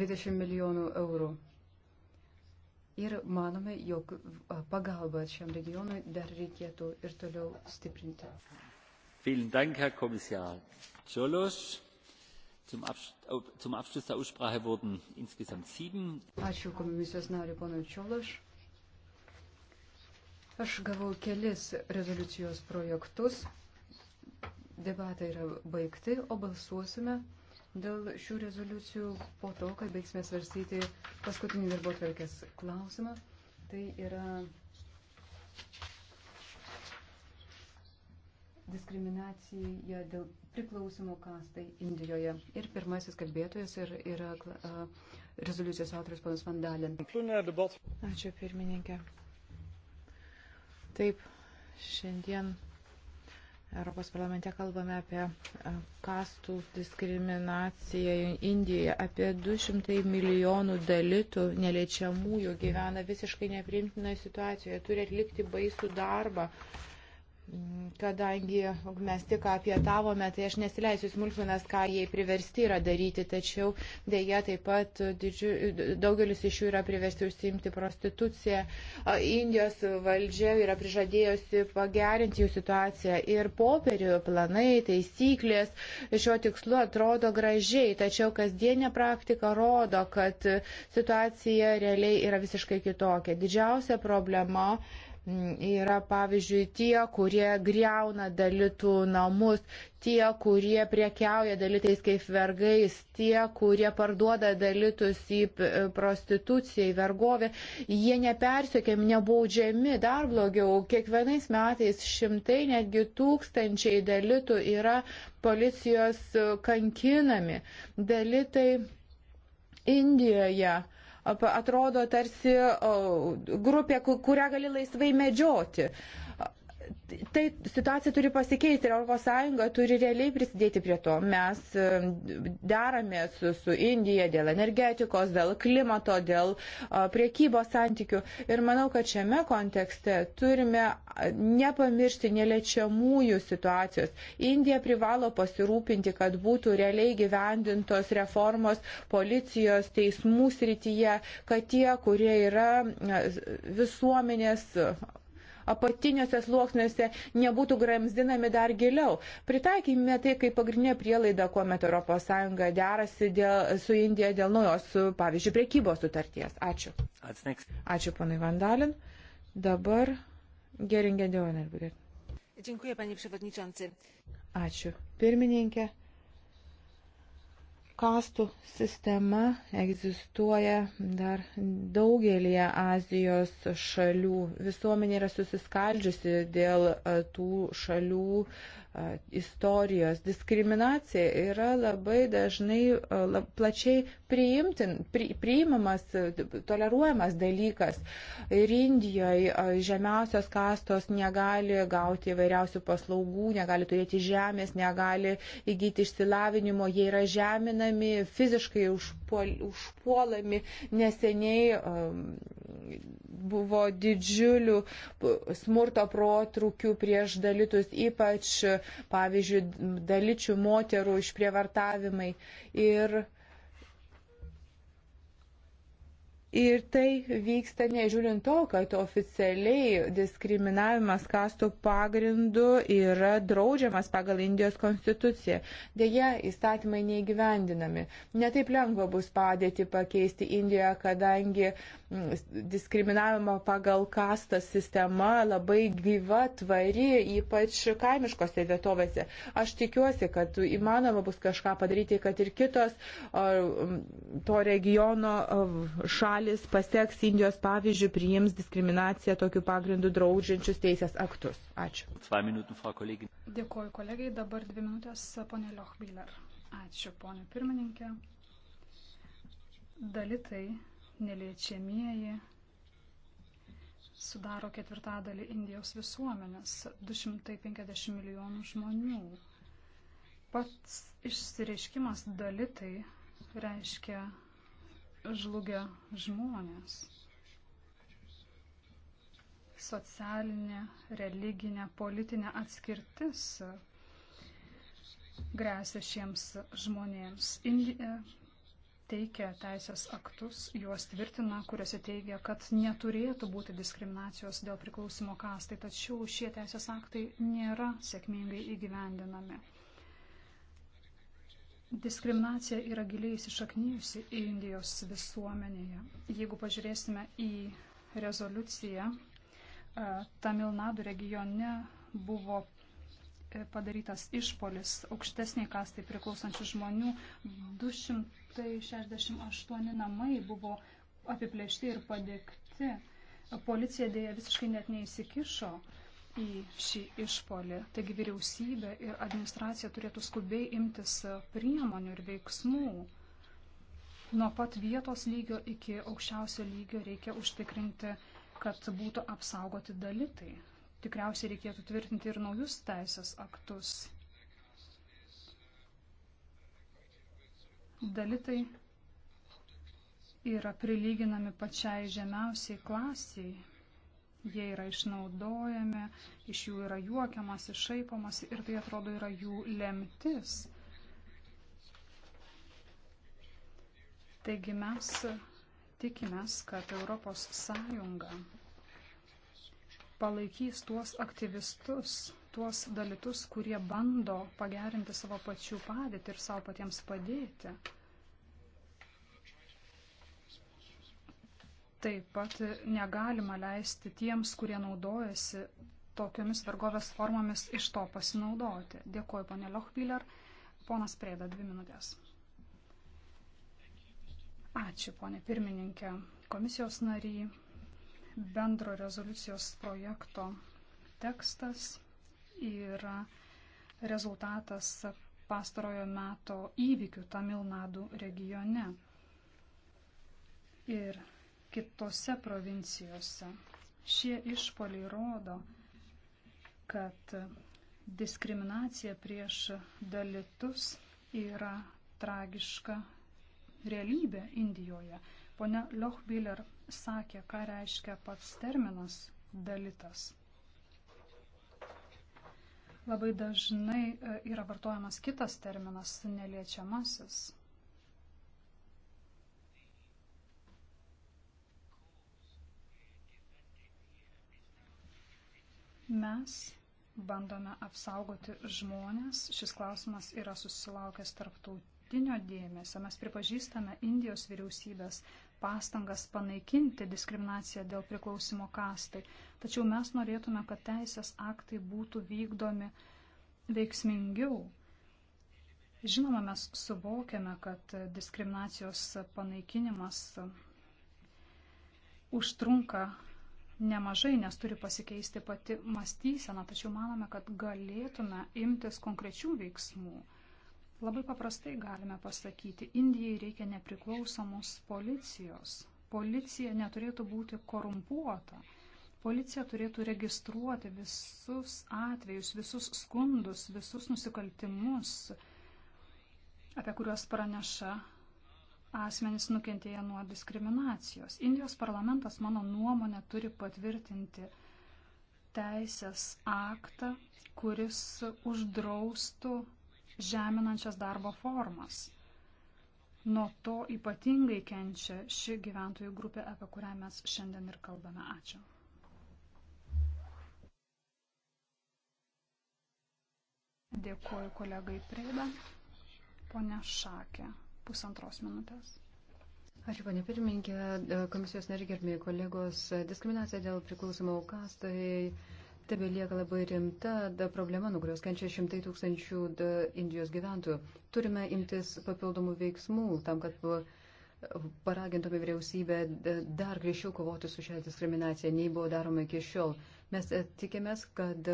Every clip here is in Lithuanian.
20 milijonų eurų. Ir manome, jog pagalbą šiam regionui dar reikėtų ir toliau stiprinti. Dank, Herr Kommissar Cholos. Zum, Abs zum Abschluss der Aussprache wurden insgesamt sieben. Ačiū komisijos nariu ponui Čiološ. Aš gavau kelis rezoliucijos projektus. Debatai yra baigti, o balsuosime dėl šių rezoliucijų po to, kai baigsime svarstyti paskutinį darbo atvelkės klausimą. Tai yra diskriminacija dėl priklausimo kastai Indijoje. Ir pirmasis kalbėtojas ir, yra uh, rezoliucijos autoris panas Vandalin. Ačiū pirmininkė. Taip, šiandien Europos parlamente kalbame apie e, kastų diskriminaciją Indijoje. Apie 200 milijonų dalytų neliečiamųjų gyvena visiškai neprimtinoje situacijoje, turi atlikti baisų darbą. Mm, kadangi mes tik apietavome, tai aš nesileisiu smulkmenas, ką jie priversti yra daryti, tačiau dėja taip pat didžiu, daugelis iš jų yra priversti užsiimti prostituciją. Indijos valdžia yra prižadėjusi pagerinti jų situaciją ir popierių planai, taisyklės šiuo tikslu atrodo gražiai, tačiau kasdienė praktika rodo, kad situacija realiai yra visiškai kitokia. Didžiausia problema yra, pavyzdžiui, tie, kurie greuna dalitų namus, tie, kurie priekiauja dalitais kaip vergais, tie, kurie parduoda dalitus į e, prostituciją, į vergovę, jie nepersiekėm, nebaudžiami, dar blogiau. Kiekvienais metais šimtai, netgi tūkstančiai dalitų yra policijos e, kankinami. Dalitai Indijoje atrodo tarsi grupė, kurią gali laisvai medžioti. Tai situacija turi pasikeisti ir ES turi realiai prisidėti prie to. Mes deramės su, su Indija dėl energetikos, dėl klimato, dėl priekybos santykių. Ir manau, kad šiame kontekste turime nepamiršti neliečiamųjų situacijos. Indija privalo pasirūpinti, kad būtų realiai gyvendintos reformos policijos, teismų srityje, kad tie, kurie yra visuomenės apatiniuose sluoksniuose nebūtų gramzdinami dar giliau. Pritaikykime tai kaip pagrindinė prielaida, kuomet ES derasi dėl, su Indija dėl naujos, pavyzdžiui, priekybos sutarties. Ačiū. Ačiū, panai Vandalin. Dabar Geringė Dionerberg. Dziękuję, panie przewodniczący. Ačiū, pirmininkė kastų sistema egzistuoja dar daugelįje Azijos šalių. Visuomenė yra susiskaldžiusi dėl e, tų šalių istorijos. Diskriminacija yra labai dažnai lab, plačiai priimtin, pri, priimamas, toleruojamas dalykas. Ir Indijoje žemiausios kastos negali gauti įvairiausių paslaugų, negali turėti žemės, negali įgyti išsilavinimo, jie yra žeminami, fiziškai už, užpuolami. Neseniai um, buvo didžiulių smurto protrukių prieš dalitus, ypač, pavyzdžiui, daličių moterų išprievartavimai. Ir Ir tai vyksta nežiūrint to, kad oficialiai diskriminavimas kastų pagrindu yra draudžiamas pagal Indijos konstituciją. Deja, įstatymai neįgyvendinami. Netaip lengva bus padėti pakeisti Indijoje, kadangi uh, Mm, diskriminavimo pagal kastą sistema labai gyva, tvari, ypač kaimiškose vietovėse. Aš tikiuosi, kad įmanoma bus kažką padaryti, kad ir kitos mm, to regiono šalis paseks Indijos pavyzdžių, priims diskriminaciją tokiu pagrindu draudžiančius teisės aktus. Ačiū. Dėkuoju kolegai, dabar dvi minutės ponė Lochbiller. Ačiū ponė pirmininkė. Dalitai neliečiamieji sudaro ketvirtadalį Indijos visuomenės - 250 milijonų žmonių. Pats išsireiškimas dalitai reiškia žlugę žmonės. Socialinė, religinė, politinė atskirtis grėsia šiems žmonėms. Indija teikia teisės aktus, juos tvirtina, kuriuose teigia, kad neturėtų būti diskriminacijos dėl priklausimo kastai, tačiau šie teisės aktai nėra sėkmingai įgyvendinami. Diskriminacija yra giliai įsišaknyjusi Indijos visuomenėje. Jeigu pažiūrėsime į rezoliuciją, Tamilnadu regione buvo padarytas išpolis aukštesniai kastai priklausančių žmonių. 268 namai buvo apiplėšti ir padėkti. Policija dėja visiškai net neįsikišo į šį išpolį. Taigi vyriausybė ir administracija turėtų skubiai imtis priemonių ir veiksmų. Nuo pat vietos lygio iki aukščiausio lygio reikia užtikrinti, kad būtų apsaugoti dalytai tikriausiai reikėtų tvirtinti ir naujus teisės aktus. Dalitai yra prilyginami pačiai žemiausiai klasiai. Jie yra išnaudojami, iš jų yra juokiamas, išaipomas ir tai atrodo yra jų lemtis. Taigi mes tikimės, kad Europos Sąjunga palaikys tuos aktyvistus, tuos dalytus, kurie bando pagerinti savo pačių padėtį ir savo patiems padėti. Taip pat negalima leisti tiems, kurie naudojasi tokiomis vergovės formomis, iš to pasinaudoti. Dėkuoju, ponė Lochbiller. Ponas Prėda, dvi minutės. Ačiū, ponė pirmininkė, komisijos nariai bendro rezoliucijos projekto tekstas yra rezultatas pastarojo meto įvykių Tamilnadų regione ir kitose provincijose. Šie išpoliai rodo, kad diskriminacija prieš dalitus yra tragiška realybė Indijoje. Pone Lochbiller sakė, ką reiškia pats terminas dalitas. Labai dažnai e, yra vartojamas kitas terminas - neliečiamasis. Mes bandome apsaugoti žmonės. Šis klausimas yra susilaukęs tarptautinių tarptautinio dėmesio. Mes pripažįstame Indijos vyriausybės pastangas panaikinti diskriminaciją dėl priklausimo kastai. Tačiau mes norėtume, kad teisės aktai būtų vykdomi veiksmingiau. Žinoma, mes suvokiame, kad diskriminacijos panaikinimas užtrunka nemažai, nes turi pasikeisti pati mąstysena, tačiau manome, kad galėtume imtis konkrečių veiksmų. Labai paprastai galime pasakyti, Indijai reikia nepriklausomos policijos. Policija neturėtų būti korumpuota. Policija turėtų registruoti visus atvejus, visus skundus, visus nusikaltimus, apie kuriuos praneša asmenys nukentėję nuo diskriminacijos. Indijos parlamentas, mano nuomonė, turi patvirtinti teisės aktą, kuris uždraustų žeminančias darbo formas. Nuo to ypatingai kenčia ši gyventojų grupė, apie kurią mes šiandien ir kalbame. Ačiū. Dėkuoju kolegai Preida. Pone Šakė, pusantros minutės. Ačiū, panė pirmininkė, komisijos nariai gerbėjai kolegos. Diskriminacija dėl priklausomų kastai. Tai tebe lieka labai rimta da, problema, nuo kurios kenčia šimtai tūkstančių da, Indijos gyventojų. Turime imtis papildomų veiksmų tam, kad paragintume vyriausybę dar grįžčiau kovoti su šią diskriminaciją, nei buvo daroma iki šiol. Mes e, tikimės, kad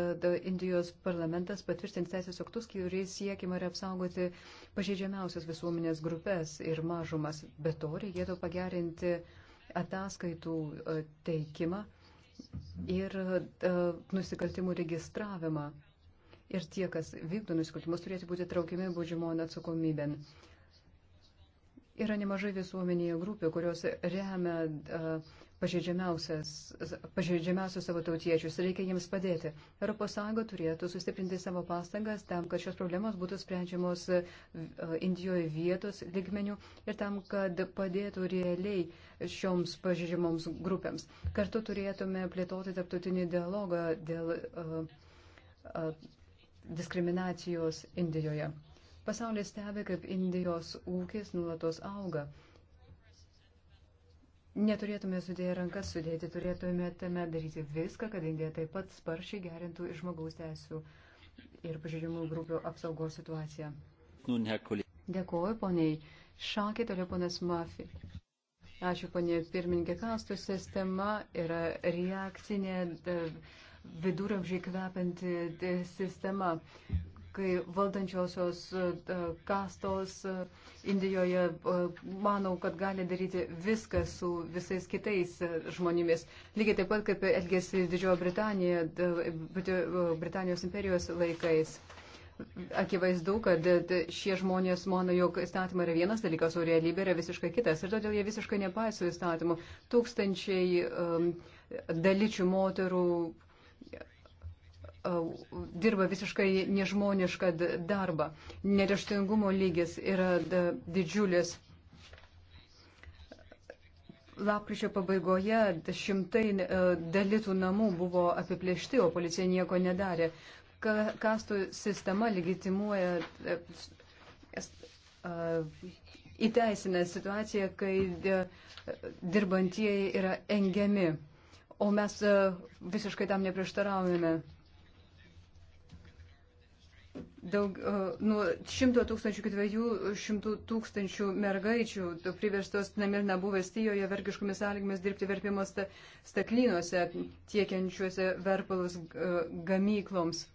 Indijos parlamentas patvirtins teisės aktus, kuriais siekima yra apsaugoti pažeidžiamiausias visuomenės grupės ir mažumas. Be to reikėtų pagerinti ataskaitų e, teikimą ir e, nusikaltimų registravimą. Ir tie, kas vykdo nusikaltimus, turėtų būti traukiami baudžiamojo atsakomybėn. Yra nemažai visuomenėje grupių, kurios remia uh, pažeidžiamiausius savo tautiečius, reikia jiems padėti. ES turėtų sustiprinti savo pastangas tam, kad šios problemos būtų sprendžiamos e, Indijoje vietos ligmenių ir tam, kad padėtų realiai šioms pažeidžiamoms grupėms. Kartu turėtume plėtoti tarptautinį dialogą dėl uh, uh, diskriminacijos Indijoje. Pasaulis stebi, kaip Indijos ūkis nulatos auga neturėtume sudėję rankas sudėti, turėtume tame daryti viską, kad Indija taip pat sparšiai gerintų ir žmogaus teisų ir pažiūrimų grupių apsaugos situaciją. Dėkuoju, poniai Šakė, toliau ponas Mafi. Ačiū, ponė pirmininkė. Kastų sistema yra reakcinė, viduramžiai kvepianti sistema kai valdančiosios e, kastos e, Indijoje e, manau, kad gali daryti viską su visais kitais žmonėmis. Lygiai taip pat, kaip elgėsi Didžiojo Britanija, Britanijos imperijos laikais. Akivaizdu, kad šie žmonės mano, jog įstatymai yra vienas dalykas, o realybė yra visiškai kitas. Ir todėl jie visiškai nepaiso įstatymų. Tūkstančiai um, dalyčių moterų E, dirba visiškai nežmonišką darbą. Nereštingumo lygis yra didžiulis. Lapkričio pabaigoje šimtai e, dalytų namų buvo apiplėšti, o policija nieko nedarė. Kastų sistema legitimuoja, e, įteisina situaciją, kai dirbantieji yra engiami, o mes visiškai tam neprieštaraujame daug, e, nuo 100 tūkstančių iki 200 tūkstančių mergaičių priverstos Namirnabų vestijoje vergiškomis sąlygomis dirbti verpimo staklynuose, tiekiančiuose verpalus e, gamykloms.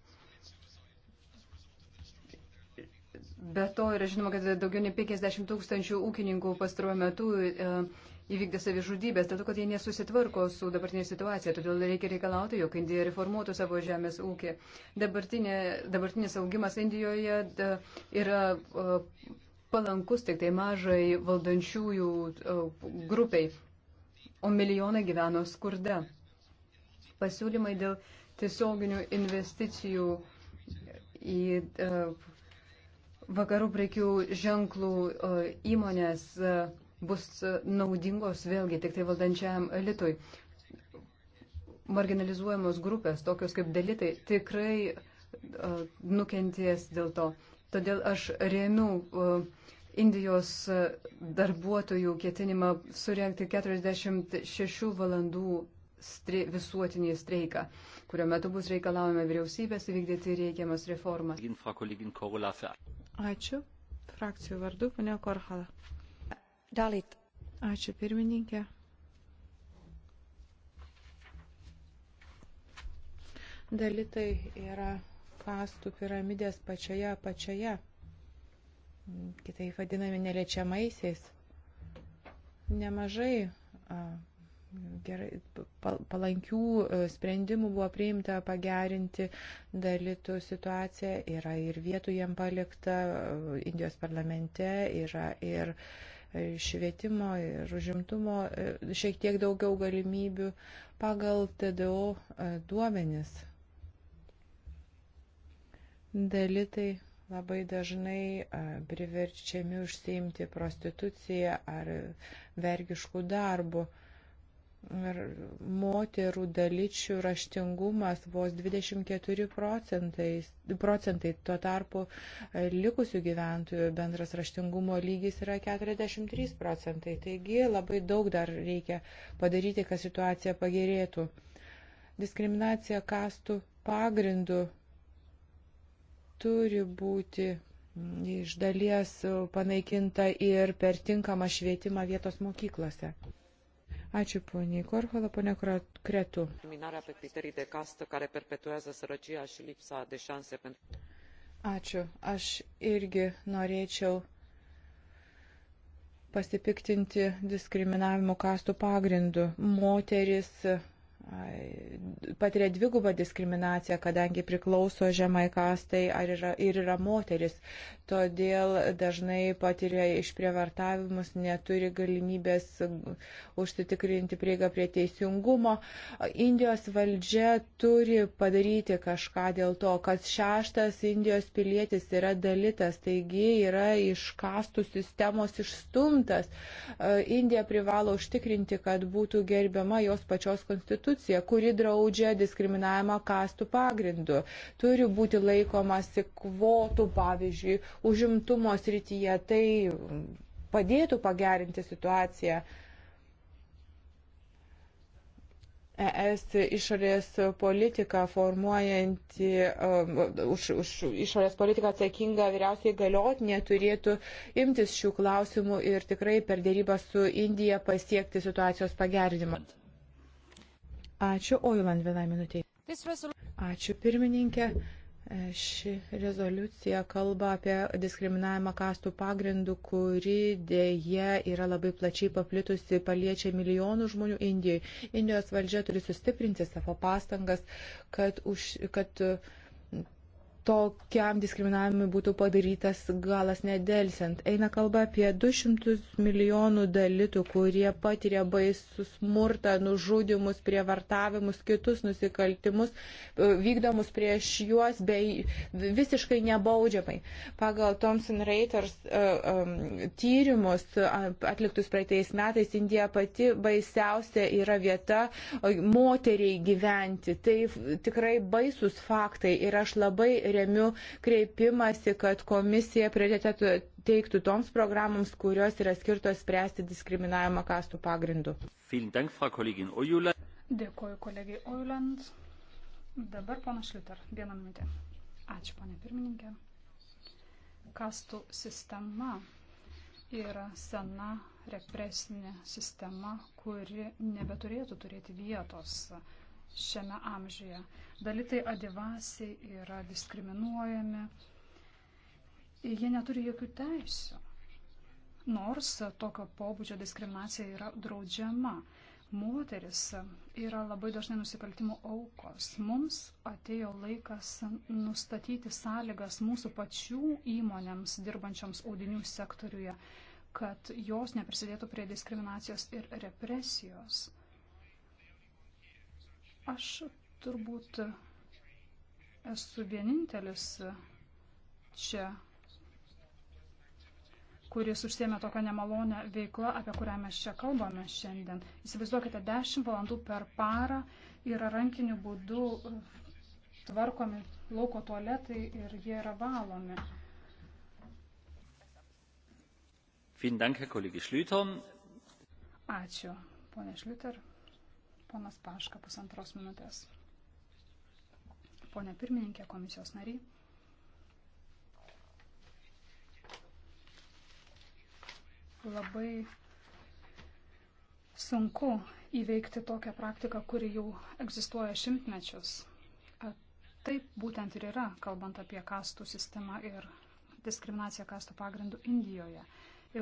Be to yra žinoma, kad daugiau nei 50 tūkstančių ūkininkų pastaruoju metu uh, įvykdė savižudybės, dėl to, kad jie nesusitvarko su dabartinė situacija. Todėl reikia reikalauti, jog Indija reformuotų savo žemės ūkį. Dabartinė, dabartinis augimas Indijoje da, yra palankus tik tai mažai valdančiųjų grupiai, o milijonai gyveno skurde. Pasiūlymai dėl tiesioginių investicijų į e, vakarų prekių ženklų įmonės bus naudingos vėlgi tik tai valdančiam elitui. Marginalizuojamos grupės, tokios kaip dalitai, tikrai uh, nukenties dėl to. Todėl aš remiu uh, Indijos darbuotojų ketinimą surenkti 46 valandų stre, visuotinį streiką, kurio metu bus reikalaujama vyriausybės įvykdyti reikiamas reformas. Ačiū. Frakcijų vardu, ponia Korhala. Dalit. Ačiū pirmininkė. Dalitai yra kastų piramidės pačioje apačioje, kitaip vadinami neliečiamaisiais. Nemažai gerai, palankių e, sprendimų buvo priimta pagerinti dalytų situaciją, yra ir vietų jiem palikta e, Indijos parlamente, yra ir. Uh, švietimo ir užimtumo e, šiek tiek daugiau galimybių pagal TDO e, duomenis. Dalitai labai dažnai e, priverčiami užsiimti prostituciją ar vergiškų darbų. Ir moterų dalyčių raštingumas vos 24 procentai, tuo tarpu e, likusių gyventojų bendras raštingumo lygis yra 43 procentai. Taigi labai daug dar reikia padaryti, kad situacija pagerėtų. Diskriminacija kastų pagrindų turi būti mm, iš dalies panaikinta ir per tinkamą švietimą vietos mokyklose. Ačiū poniai Korhola, ponia Kretu. Minarea pe criterii de castă care perpetuează sărăcia și lipsa de șanse pentru. Ačiū. Aš irgi norėčiau pasipiktinti diskriminavimo kastų pagrindu. Moteris ai, patiria dvigubą diskriminaciją, kadangi priklauso žemai kastai yra, ir yra moteris. Todėl dažnai patiria išprievartavimus, neturi galimybės užsitikrinti prieigą prie teisingumo. Indijos valdžia turi padaryti kažką dėl to, kad šeštas Indijos pilietis yra dalitas, taigi yra iš kastų sistemos išstumtas. Indija privalo užtikrinti, kad būtų gerbiama jos pačios konstitucija, kuri draudžia draudžia diskriminavimą kastų pagrindu. Turi būti laikomasi kvotų, pavyzdžiui, užimtumo srityje. Tai padėtų pagerinti situaciją. ES išorės politiką formuojanti, um, už, už išorės politiką atsakinga vyriausiai galiotinė turėtų imtis šių klausimų ir tikrai per dėrybą su Indija pasiekti situacijos pagerinimą. Ačiū, Oiland, vienai minutiai. Ačiū, pirmininkė. E, ši rezoliucija kalba apie diskriminavimą kastų pagrindų, kuri dėje yra labai plačiai paplitusi, paliečia milijonų žmonių Indijoje. Indijos valdžia turi sustiprinti savo pastangas, kad, už, kad uh, tokiam diskriminavimui būtų padarytas galas nedelsiant. Eina kalba apie 200 milijonų dalytų, kurie patiria baisų smurtą, nužudimus, prievartavimus, kitus nusikaltimus, vykdomus prieš juos bei visiškai nebaudžiamai. Pagal Thomson Reuters e, e, tyrimus atliktus praeitais metais, Indija pati baisiausia yra vieta e, moteriai gyventi. Tai tikrai baisus faktai ir aš labai remiu kreipimąsi, kad komisija prioritetų teiktų toms programoms, kurios yra skirtos spręsti diskriminavimą kastų pagrindu. Dėkuoju kolegijai Oiland. Dabar pana Šliuter, vieną minutę. Ačiū, pane pirmininkė. Kastų sistema yra sena represinė sistema, kuri nebeturėtų turėti vietos šiame amžiuje. Dalitai adivasiai yra diskriminuojami. Jie neturi jokių teisų. Nors tokio pobūdžio diskriminacija yra draudžiama. Moteris yra labai dažnai nusikaltimo aukos. Mums atėjo laikas nustatyti sąlygas mūsų pačių įmonėms dirbančioms audinių sektoriuje, kad jos neprisidėtų prie diskriminacijos ir represijos. Aš turbūt esu vienintelis čia, kuris užsiemė tokią nemalonę veiklą, apie kurią mes čia kalbame šiandien. Įsivaizduokite, 10 valandų per parą yra rankiniu būdu tvarkomi lauko tualetai ir jie yra valomi. Vielen Dank, Herr Kollege Schlüter. Ačiū, ponė Šliuter. Ponas Paška, pusantros minutės. Pone pirmininkė, komisijos nariai. Labai sunku įveikti tokią praktiką, kuri jau egzistuoja šimtmečius. Taip būtent ir yra, kalbant apie kastų sistemą ir diskriminaciją kastų pagrindų Indijoje.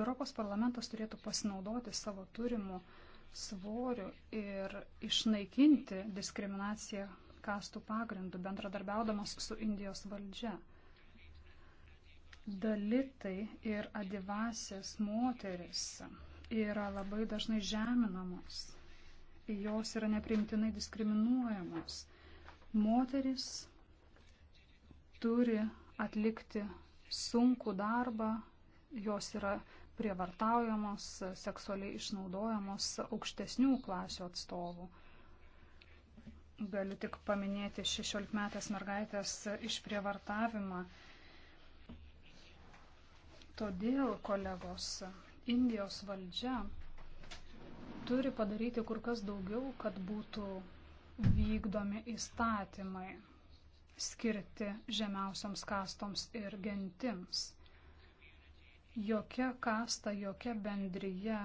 Europos parlamentas turėtų pasinaudoti savo turimų uh, svoriu ir išnaikinti diskriminaciją kastų pagrindų, bendradarbiaudamas su Indijos valdžia. Dalitai ir adivasės moteris yra labai dažnai žeminamos, jos yra neprimtinai diskriminuojamos. Moteris turi atlikti sunkų darbą, jos yra prievartaujamos, seksualiai išnaudojamos aukštesnių klasių atstovų. Galiu tik paminėti 16-metės mergaitės išprievartavimą. Todėl, kolegos, Indijos valdžia turi padaryti kur kas daugiau, kad būtų vykdomi įstatymai skirti žemiausiams kastoms ir gentims jokia kasta, jokia bendryje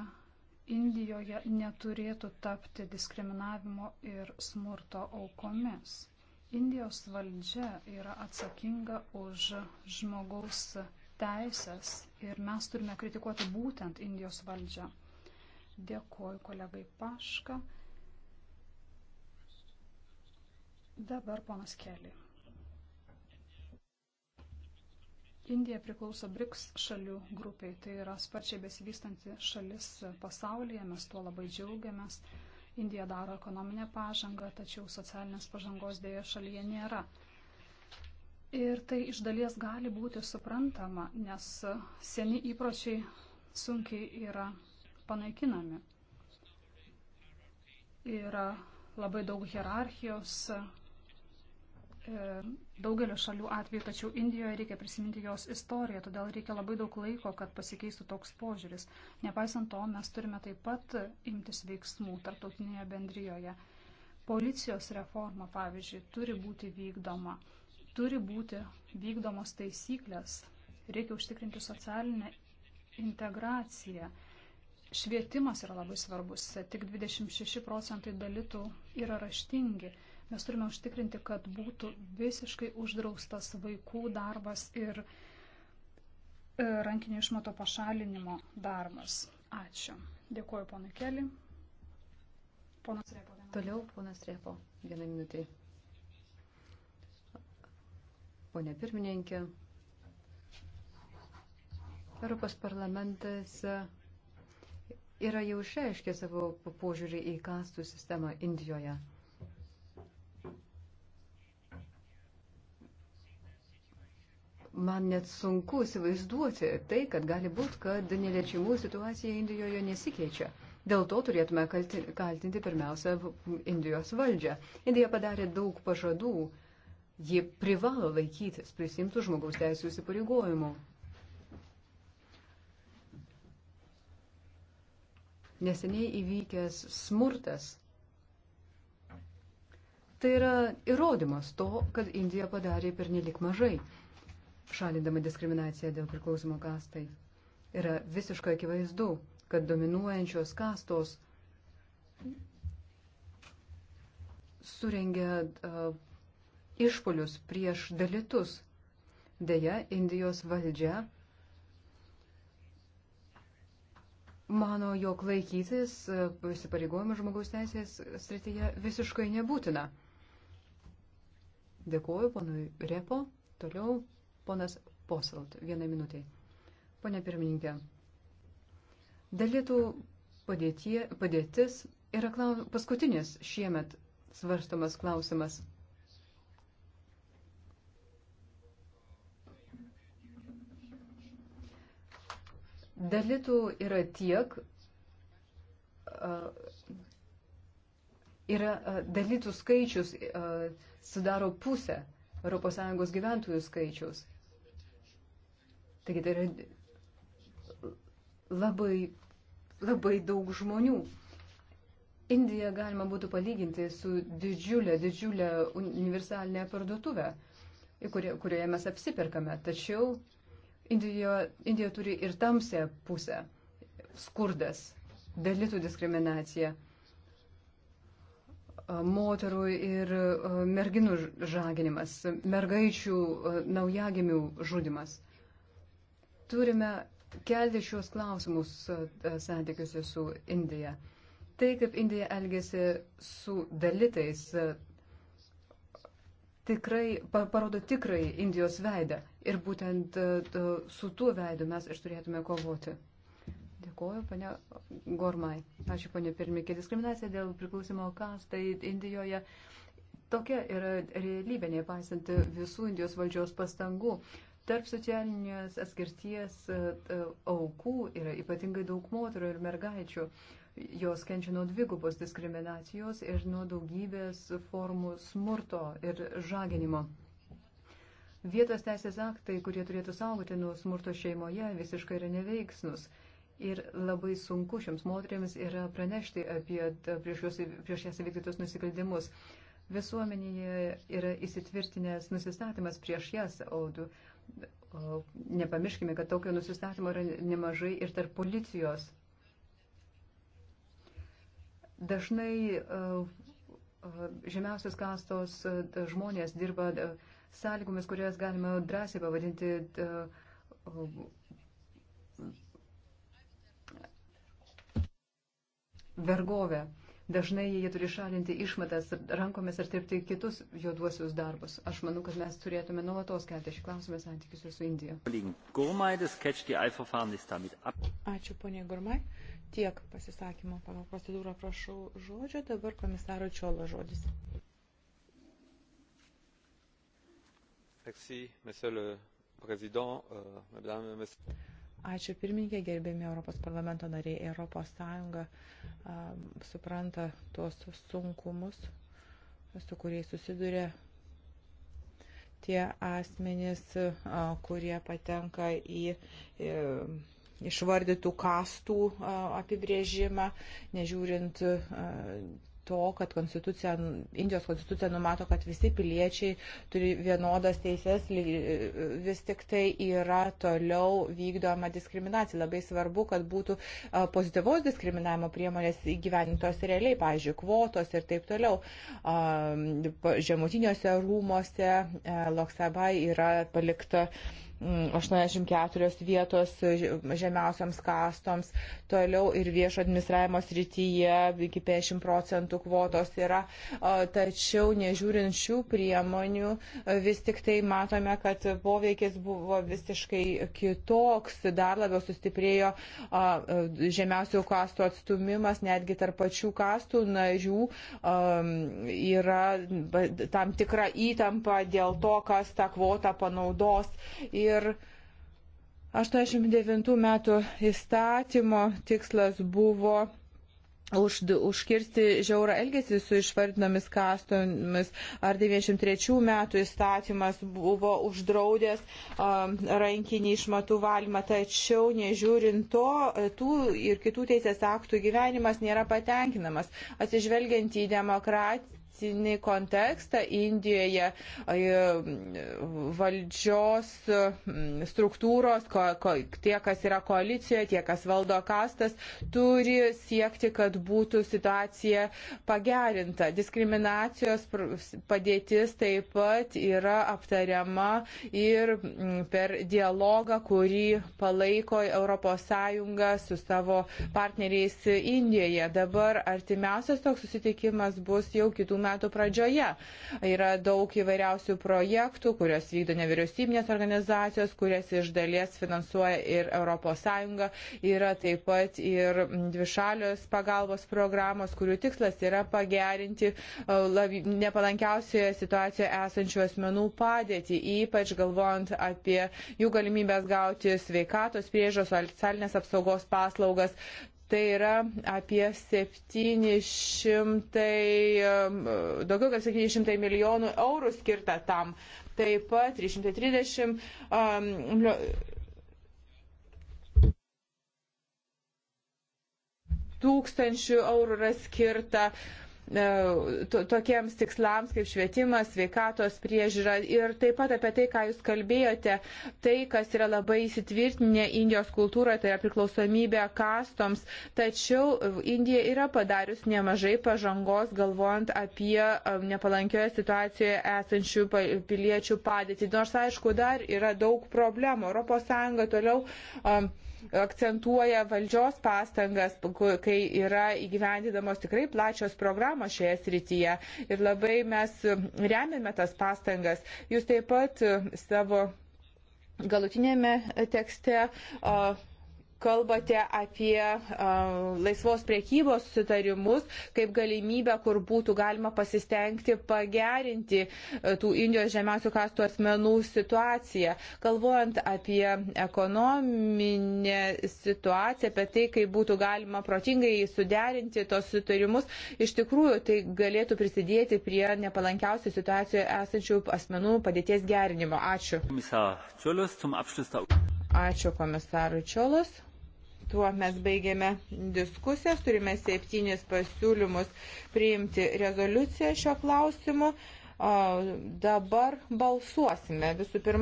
Indijoje neturėtų tapti diskriminavimo ir smurto aukomis. Indijos valdžia yra atsakinga už žmogaus teisės ir mes turime kritikuoti būtent Indijos valdžią. Dėkuoju kolegai Paška. Dabar ponas Kelly. Indija priklauso BRICS šalių grupiai, tai yra sparčiai besivystanti šalis pasaulyje, mes tuo labai džiaugiamės. Indija daro ekonominę pažangą, tačiau socialinės pažangos dėja šalyje nėra. Ir tai iš dalies gali būti suprantama, nes seni įpročiai sunkiai yra panaikinami. Yra labai daug hierarchijos, E, daugelio šalių atveju, tačiau Indijoje reikia prisiminti jos istoriją, todėl reikia labai daug laiko, kad pasikeistų toks požiūris. Nepaisant to, mes turime taip pat imtis veiksmų tarptautinėje bendrijoje. Policijos reforma, pavyzdžiui, turi būti vykdoma, turi būti vykdomos taisyklės, reikia užtikrinti socialinę integraciją. Švietimas yra labai svarbus, tik 26 procentai dalytų yra raštingi Mes turime užtikrinti, kad būtų visiškai uždraustas vaikų darbas ir e, rankinio išmato pašalinimo darbas. Ačiū. Dėkuoju ponui Keli. Ponas Repo. Viena. Toliau ponas Repo. Vieną minutį. Pone pirmininkė. Europos parlamentas e, yra jau išreiškę savo požiūrį į kastų sistemą Indijoje. man net sunku įsivaizduoti tai, kad gali būti, kad neliečiamų situacija Indijoje nesikeičia. Dėl to turėtume kaltinti pirmiausia Indijos valdžią. Indija padarė daug pažadų. Ji privalo laikytis prisimtų žmogaus teisų įsipareigojimų. Neseniai įvykęs smurtas. Tai yra įrodymas to, kad Indija padarė per nelik mažai šalindama diskriminaciją dėl priklausimo kastai. Yra visiškai akivaizdu, kad dominuojančios kastos surengia uh, išpolius prieš dalitus. Deja, Indijos valdžia mano, jog laikytis įsipareigojimų žmogaus teisės srityje visiškai nebūtina. Dėkuoju ponui Repo. Toliau Ponas Posalt, vieną minutę. Pone pirmininkė, dalėtų padėtie, padėtis yra klaus, paskutinis šiemet svarstomas klausimas. Dalitų yra tiek, yra dalitų skaičius sudaro pusę ES gyventojų skaičius. Taigi tai yra labai, labai daug žmonių. Indiją galima būtų palyginti su didžiulė, didžiulė universalinė parduotuvė, kurioje mes apsiperkame. Tačiau Indijo, Indija turi ir tamsę pusę - skurdas, dalytų diskriminacija, moterų ir merginų žaginimas, mergaičių naujagimių žudimas turime kelti šios klausimus e, e, santykiuose su Indija. Tai, kaip Indija elgėsi su dalitais, e, tikrai parodo tikrai Indijos veidą. Ir būtent su tuo veidu mes ir turėtume kovoti. Dėkuoju, pane Gormai. Ačiū, pane pirmininkė. Diskriminacija dėl priklausimo kastai Indijoje. Tokia yra realybė, nepaisant visų Indijos valdžios pastangų. Tarp socialinės atskirties e, e, aukų yra ypatingai daug moterų ir mergaičių. Jos kenčia nuo dvigubos diskriminacijos ir nuo daugybės formų smurto ir žaginimo. Vietos teisės aktai, kurie turėtų saugoti nuo smurto šeimoje, visiškai yra neveiksnus. Ir labai sunku šiems moteriams yra pranešti apie prieš, jos, prieš jas įvykdytus nusikaltimus. Visuomenėje yra įsitvirtinęs nusistatymas prieš jas audų nepamirškime, kad tokio nusistatymo yra nemažai ir tarp policijos. Dažnai žemiausios kastos žmonės dirba sąlygomis, kurias galima drąsiai pavadinti vergovę. Dažnai jie turi šalinti išmatas rankomis ar dirbti kitus juoduosius darbus. Aš manau, kad mes turėtume nuolatos kelti šį klausimą santykius ir su Indija. Ačiū, ponė Gurmai. Tiek pasisakymų pagal procedūrą prašau žodžio. Dabar komisaro Čiolo žodis. Merci, monsieur le président, euh, madame, monsieur. Ačiū pirmininkė, gerbėmi Europos parlamento nariai. Europos Sąjunga a, supranta tuos sunkumus, su kuriais susiduria tie asmenys, a, kurie patenka į. į e, išvardytų kastų apibrėžimą, nežiūrint to, kad konstitucija, Indijos konstitucija numato, kad visi piliečiai turi vienodas teises, vis tik tai yra toliau vykdoma diskriminacija. Labai svarbu, kad būtų pozityvos diskriminavimo priemonės įgyvenintos realiai, pavyzdžiui, kvotos ir taip toliau. Žemutiniuose rūmose Loksabai yra palikta 84 mm, mm, vietos e, žemiausiams kastoms, toliau ir viešo administravimo srityje iki 50 procentų kvotos yra. E, tačiau nežiūrint šių priemonių, e, vis tik tai matome, kad poveikis buvo visiškai kitoks, dar labiau sustiprėjo žemiausių kastų atstumimas, netgi tarp pačių kastų narių yra tam tikra įtampa dėl to, kas tą kvotą panaudos. Ir ir 89 metų įstatymo tikslas buvo už, užkirsti žiaurą elgesį su išvardinomis kastomis, ar 93 metų įstatymas buvo uždraudęs um, rankinį išmatų valymą, tačiau nežiūrint to, tų ir kitų teisės aktų gyvenimas nėra patenkinamas. Atsižvelgiant į demokratiją, teisinį kontekstą Indijoje e, valdžios mm, struktūros, ko, ko, tie, kas yra koalicijoje, tie, kas valdo kastas, turi siekti, kad būtų situacija pagerinta. Diskriminacijos padėtis taip pat yra aptariama ir mm, per dialogą, kurį palaiko ES su savo partneriais Indijoje. Dabar artimiausias toks susitikimas bus jau kitų metų metų pradžioje. Yra daug įvairiausių projektų, kurios vykdo nevyriausybinės organizacijos, kurias iš dalies finansuoja ir ES. Yra taip pat ir dvišalios pagalbos programos, kurių tikslas yra pagerinti e, nepalankiausioje situacijoje esančių asmenų padėtį, ypač galvojant apie jų galimybės gauti sveikatos priežos, socialinės apsaugos paslaugas. Tai yra apie 700, daugiau kaip 700 milijonų eurų skirta tam. Taip pat 330 um, tūkstančių eurų yra skirta uh, E, to, tokiems tikslams kaip švietimas, sveikatos priežiūra ir taip pat apie tai, ką jūs kalbėjote, tai, kas yra labai įsitvirtinę Indijos kultūroje, tai yra priklausomybė kastoms. Tačiau Indija yra padarius nemažai pažangos, galvojant apie e, nepalankioje situacijoje esančių piliečių padėtį. Nors, aišku, dar yra daug problemų. ES toliau um, akcentuoja valdžios pastangas, kai yra įgyvendinamos tikrai plačios programos šioje srityje. Ir labai mes remiame tas pastangas. Jūs taip pat savo galutinėme tekste. Uh, kalbate apie uh, laisvos priekybos sutarimus kaip galimybę, kur būtų galima pasistengti pagerinti uh, tų Indijos žemiausių kastų asmenų situaciją. Kalbuojant apie ekonominę situaciją, apie tai, kaip būtų galima protingai suderinti tos sutarimus, iš tikrųjų tai galėtų prisidėti prie nepalankiausių situacijoje esančių asmenų padėties gerinimo. Ačiū. Ačiū komisarui Čiolus. Tuo mes baigėme diskusijas, turime septynis pasiūlymus priimti rezoliuciją šio klausimu. Dabar balsuosime. Visų pirma,